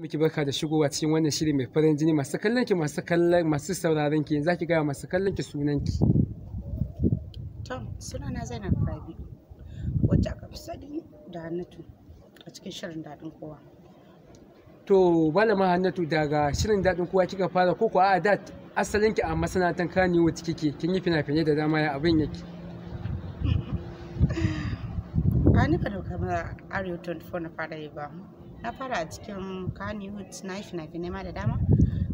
miki barka da shigowa cikin wannan shiri mai farin jini masu kallon ki masu kallon masu sauraron ki zaki ga masu kallon ki sunan ki Tom sunana Zainab Rabi wacce aka fi sani da Hannatu a cikin shirin daɗin kowa To malama Hannatu daga shirin daɗin kowa kika fara ko ko a da asalin ki a masana'antar Kannywood kike kin yi fina-finai da dama ya abin yake Ba ni ka dauka ma Arewa 24 na fara yi ba na fara a cikin kanihut na yi fina-finai ma da dama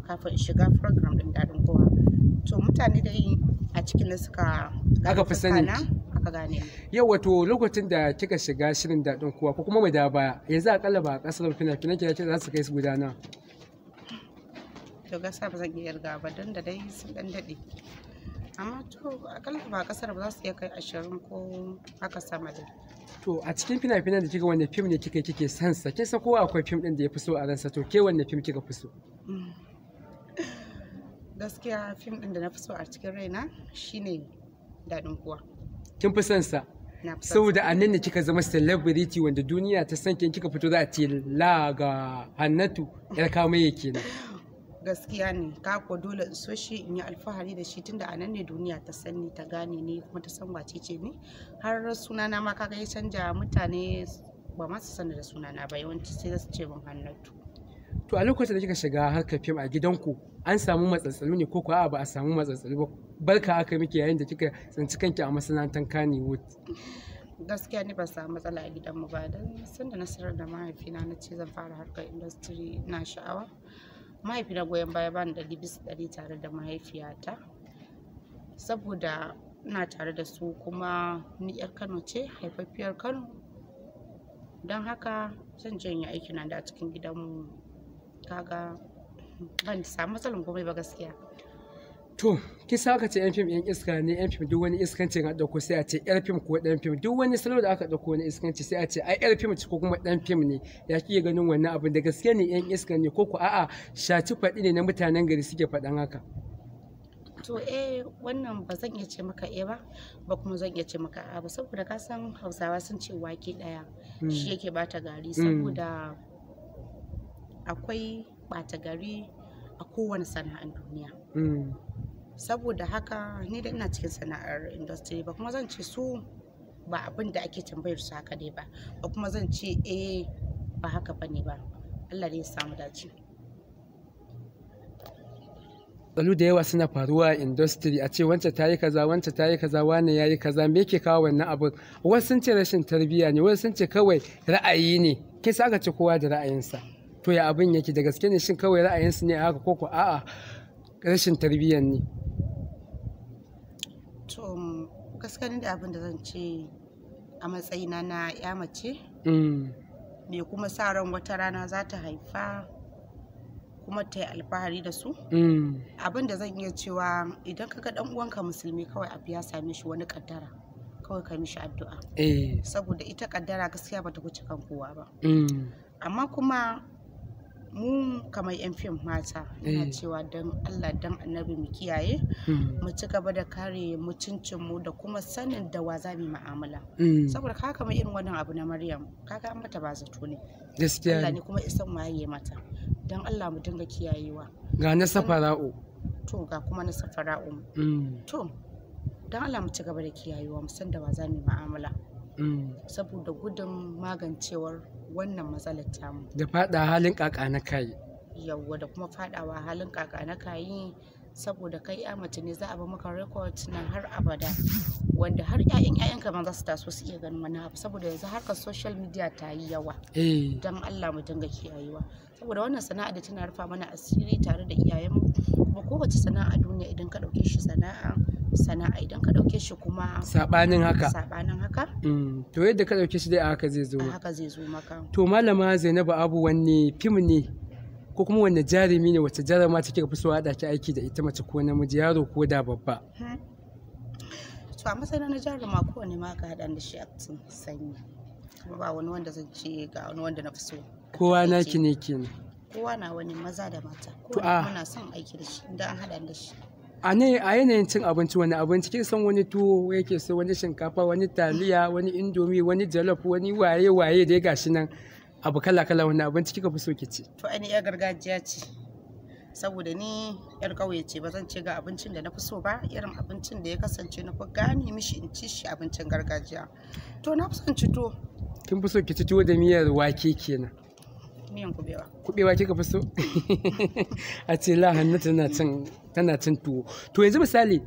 kafin in shiga program ɗin daɗin kowa to mutane dai a cikin da suka aka fi sani aka gane yau wato lokacin da kika shiga shirin daɗin kowa ko kuma mai da baya yanzu akalla ba a ƙasar fina-finan kina za su kai su gudana to gasa ba zan iya yarda ba don da dai sun ɗan daɗe amma to akalla ba a ƙasar ba za su iya kai ashirin ko haka sama dai To a cikin fina-finan da kika wanne fim ne kika kike san sa kin san kowa akwai fim din da ya fi so a ransa to ke wanne fim kika fi so? Mm. Gaskiya fim din da na fi so a cikin raina shine Dadin kuwa. Kin fi san sa? Saboda a nan ne kika zama celebrity wanda duniya ta san kin kika fito za a ce la ga Hannatu yar yake kenan. gaskiya ne kako dole in so shi in yi alfahari da shi tunda a nan ne duniya ta sani ta gane ni kuma ta san wace ce ni har sunana ma kaga ya canja mutane ba ma su sani da sunana ba yawanci sai su ce min hannatu to a lokacin da kika shiga harkar fim a gidanku an samu matsatsalu ne ko ko ba a samu matsatsalu ba barka aka miki yayin da kika tsinci kanki a masana'antar Kannywood gaskiya ne ba samu matsala a gidanmu ba don sanda nasarar da mahaifina na ce zan fara harkar industry na sha'awa Mahaifi na goyon baya bani ɗari bisa ɗari tare da mahaifiyata saboda ina tare da su kuma ni 'yar kano ce haifaffiyar kano don haka zan janye aiki na da a cikin gidanmu kaga ban samu matsalar komai ba gaskiya to kisa aka ce yan fim yan iska ne yan fim duk wani iskanci ka dauko sai a ce yar fim ko dan fim duk wani salo da aka dauko na iskanci sai a ce ai yar fim ce ko kuma dan fim ne ya kike ganin wannan abin da gaske ne yan iska ne ko ku a'a shaci faɗi ne na mutanen gari suke faɗan haka to eh wannan ba zan iya ce maka eh ba ba kuma zan iya ce maka a ba saboda ka san hausawa sun ce wake daya hmm. shi yake bata gari hmm. saboda akwai bata gari a kowane sana'an duniya hmm. saboda haka ni da ina cikin sana'ar industry ba kuma zan ce su ba abin da ake tambayar su haka dai ba ba kuma zan ce eh ba haka bane ba Allah ne ya samu dace Tsalu da yawa suna faruwa a industry a ce wance ta yi kaza wance ta yi kaza wane ya yi kaza me ke kawo wannan abin wasu sun ce rashin tarbiyya ne wasu sun ce kawai ra'ayi ne ke sa aka ce kowa da ra'ayinsa to ya abin yake da gaske ne shin kawai ra'ayinsu ne a haka koko a'a rashin tarbiyyar ne to mm, da abin da zan ce a matsayina na ya mace mm. me kuma sa ran wata rana za ta haifa kuma ta yi alfahari da su mm. abin da zan iya cewa idan ka ga dan uwanka musulmi kawai abu ya same shi wani kaddara kawai ka mishi addu'a eh. saboda ita kaddara gaskiya ba ta wuce kan kowa ba amma kuma mu kamar yan fim mata ina eh. cewa don allah don annabi mu kiyaye hmm. mu ci gaba da kare mu da kuma sanin da wa za mu mu'amala hmm. saboda ka kamar irin wannan abu na maryam ka ga mata ba zato ne gaskiya allah ne kuma isan waye mata don allah mu dinga kiyayewa ga na safara'u to ga kuma na safara'u hmm. to don allah mu ci gaba da kiyayewa mu san da wa za mu mu'amala Mm. saboda gudun magancewar wannan matsalar tamu da fada halin kaka na kai yawwa da kuma fadawa halin kaka na kayi saboda kai ya mace ne za a ba maka record na har abada wanda har 'ya'yan 'ya'yanka ma za su taso su iya ganin wani abu saboda yanzu harkar social media ta yi yawa eh. don Allah mu dinga kiyayewa saboda wannan sana'a da tana rufa mana asiri tare da iyayenmu kuma kowace sana'a duniya idan ka dauke shi sana'a sana'a idan ka ɗauke shi kuma saɓanin haka saɓanin haka mm, to yadda ka ɗauke shi dai a haka zai zo haka zai zo maka to malama zainabu abu wanne fim ne ko kuma wanne jarumi ne wacce jarama take fi so haɗa ki aiki da ita mace ko namiji yaro ko da babba hmm. to a matsayin na jaruma kowane ma ka haɗa da shi a sanyi ba wani wanda zan ce ga wani wanda na fi so kowa naki ne kenan kowa na wani maza da mata kowa ah. muna son aiki da shi idan an haɗa da shi a ne a yanayin cin abinci wani abinci ke san wani tuwo yake so wani shinkafa wani taliya wani indomi wani jalof wani waye waye dai gashi nan abu kala kala wani abinci kika fi so ki ci to ai ni yar gargajiya ce saboda ni yar kauye ce ba zan ce ga abincin da na fi so ba irin abincin da ya kasance na fi gane mishi in ci shi abincin gargajiya to na fi son ci tuwo kin fi so ki ci tuwo da miyar wake kenan miyan kubewa kubewa kika fi so a ce la hannu tana cin tana cin tuwo to yanzu misali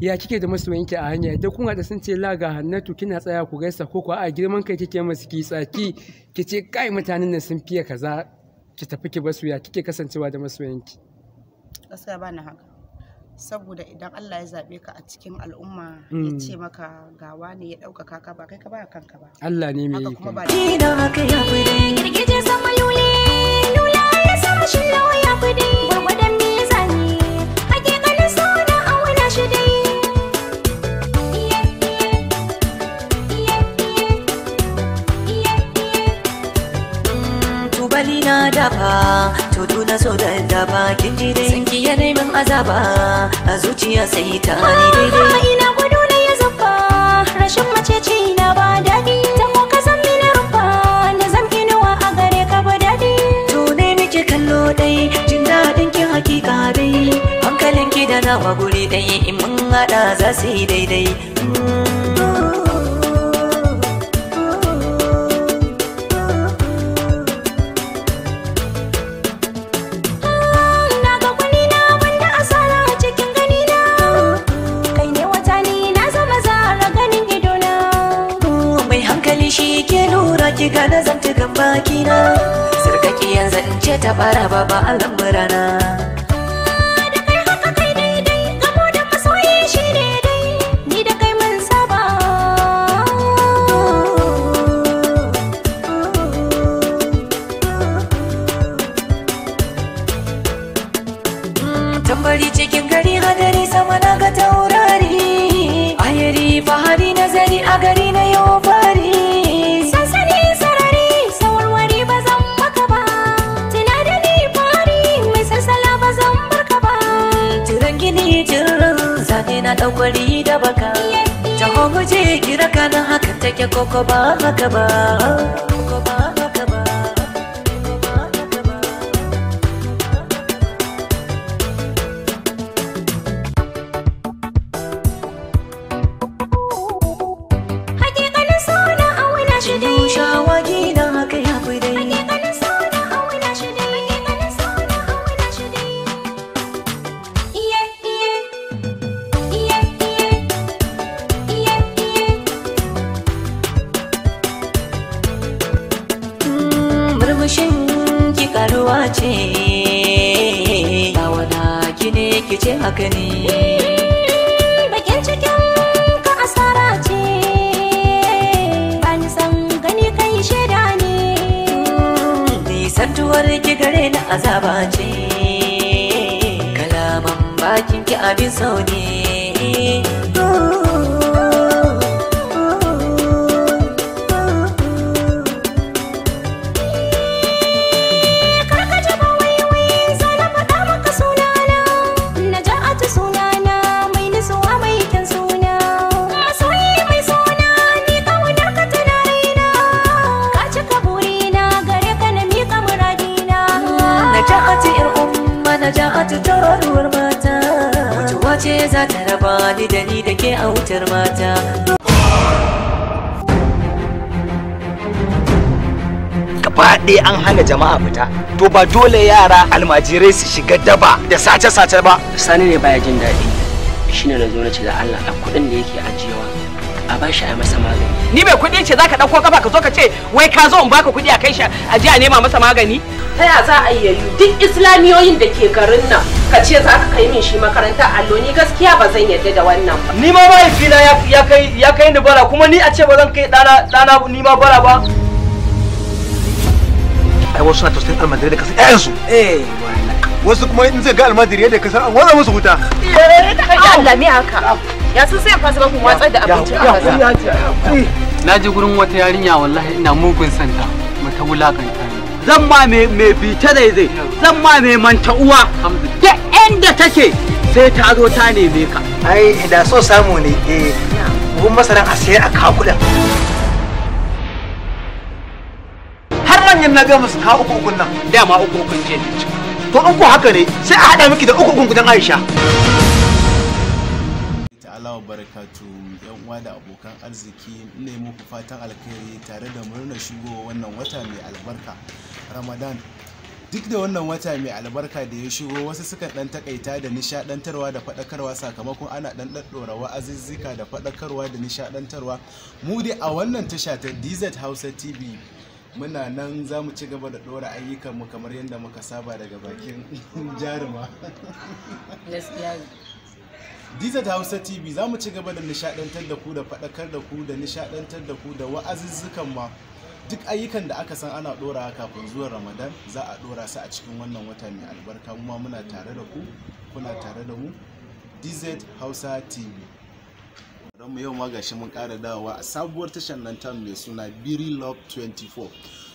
ya kike da masoyinki a hanya idan kun da sun ce laga hannatu kina tsaya ku gaisa ko kuwa a girman kai kike masu ki tsaki ki ce kai mutanen nan sun fiye kaza ki tafi ki basu ya kike kasancewa da masoyinki gaskiya bani haka saboda idan Allah ya zaɓe ka a cikin al'umma ya hmm. ce maka gawa ne ya dauka ka ba kai ka ba kanka ba Allah ne mai yi kuma ba azaba a zuciya sai ta ni ah, daidai ina gudu na ya zuffa rashin mace ce na ba daɗi ta ko ka san mina rufa da zan nawa a gare ka ba daɗi to ne nake kallo dai jin daɗin ki hakika dai hankalin ki da nawa guri dai in mun haɗa za su yi daidai mm. raba raba ba rana guje kira raka hakan haka take koko ba haka ba koko ba rikice haka ne bakin cikin ka asara ce bani san gani kai shaida ne nisantuwar ki gare na azaba ce kalaman bakin ki abin sau ne ce za ta raba ni da ni da ke a wutar mata gaba ɗaya an hana jama'a fita to ba dole yara almajirai su shiga daba da sace-sace ba sani ne baya jin daɗi shi ne na zo na ce da Allah a kuɗin da yake ajiyewa a ba shi a masa magani ni mai kuɗi ce zaka ɗauko kafa ka zo ka ce wai ka zo in baka kuɗi a kai shi a je a nema masa magani ta ya za a yi duk islamiyoyin da ke garin nan ka ce za ka kai min shi makaranta allo ni gaskiya ba zan yadda da wannan ba ni ma mahaifina ya kai ya kai ni bara kuma ni a ce ba zan kai dana dana ni ma bara ba ai wasu na tausayin almajiri da kasar ƴaƴansu eh wasu kuma in zai ga almajiri yadda kasan an watsa musu wuta kai Allah mi haka ya sun sai fasa ba ku watsar da abincin a kasa na ji gurin wata yarinya wallahi ina mugun santa mu ta wulakanta zan me mai bita zai zai zan ma mai manta uwa da inda take sai ta zo ta neme ka ai da so samu ne eh buhun masaran a sayar a kakulan har manyan na ga musu kawo uku ukun dama uku ukun ce to in ko haka ne sai a haɗa miki da uku ukun Aisha Allah barakatu yan uwa da abokan arziki ne muku fatan alkhairi tare da murnar shigo wannan wata mai albarka ramadan duk da wannan wata mai albarka da ya shigo wasu suka dan takaita da nishadantarwa da fadakarwa sakamakon ana dan daddora wa'azizzika da fadakarwa da nishadantarwa mu dai a wannan tasha ta DZ Hausa TV muna nan za mu ci gaba da ɗora ayyukanmu kamar yadda muka saba daga bakin jaruma Dizat Hausa TV za mu ci gaba da nishadantar da ku da faɗakar da ku da nishadantar da ku da wa'azuzzukan ma duk ayyukan da aka san ana dora kafin zuwan Ramadan za a dora su a cikin wannan wata mai albarka mu ma muna tare da ku kuna tare da mu DZ Hausa TV mu yau ma gashi mun ƙara dawowa a sabuwar tashar nan ta mai suna Biri Love 24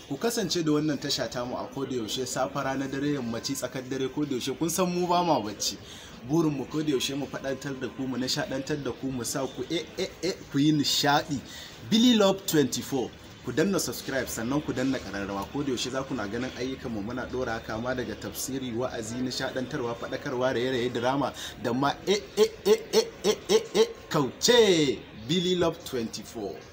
ku kasance da wannan tasha mu a koda yaushe safara na dare yammaci tsakar dare kodayaushe kun san mu ba ma bacci burin mu ko da yaushe mu faɗantar da ku mu nishaɗantar da ku mu sa ku eh eh eh ku yi nishaɗi Billy Love 24 ku danna subscribe sannan ku danna kararrawa ko da yaushe za ku na ganin ayyukan mu muna dora kama daga tafsiri wa'azi nishadantarwa fadakarwa raye-raye drama da ma e e e e e e kauce Billy Love 24